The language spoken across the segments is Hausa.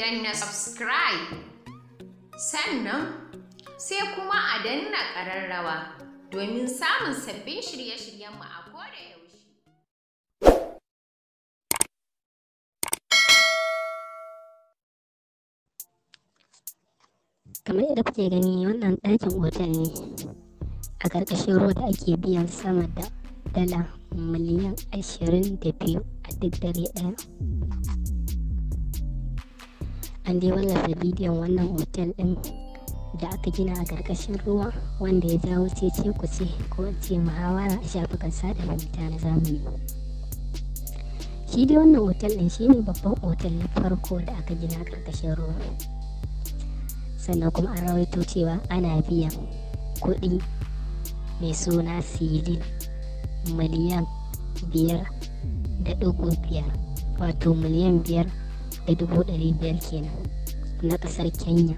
danna subscribe sannan sai kuma a danna ƙararrawa domin samun sabbin shirye-shiryenmu a koda yaushe. kamar yadda kuke gani wannan ɗakin otal ne a ƙarƙashin ruwa da ake biyan sama da dala miliyan ashirin da biyu a duk dare ɗaya an dai wallafa bidiyon wannan hotel ɗin da aka gina a karkashin ruwa wanda ya jawo cece kuce ko ce muhawara a shafukan sada zumunta na zamani shi dai wannan hotel ɗin shine babban hotel na farko da aka gina a karkashin ruwa sannan kuma an rawaito cewa ana biyan kuɗi mai suna silin miliyan biyar da ɗigo biyar wato miliyan biyar da dubu ɗari biyar kenan na ƙasar kenya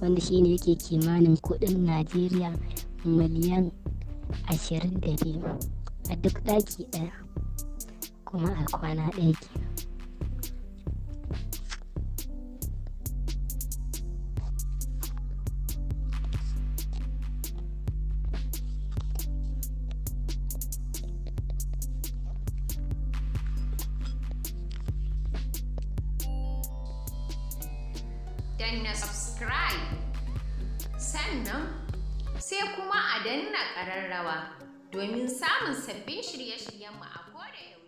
wanda shine yake kimanin kuɗin najeriya miliyan ashirin da biyu a duk ɗaki ɗaya kuma a kwana ɗaya kenan danna subscribe sannan sai kuma a danna ƙararrawa domin samun sabbin shirye-shiryenmu a koda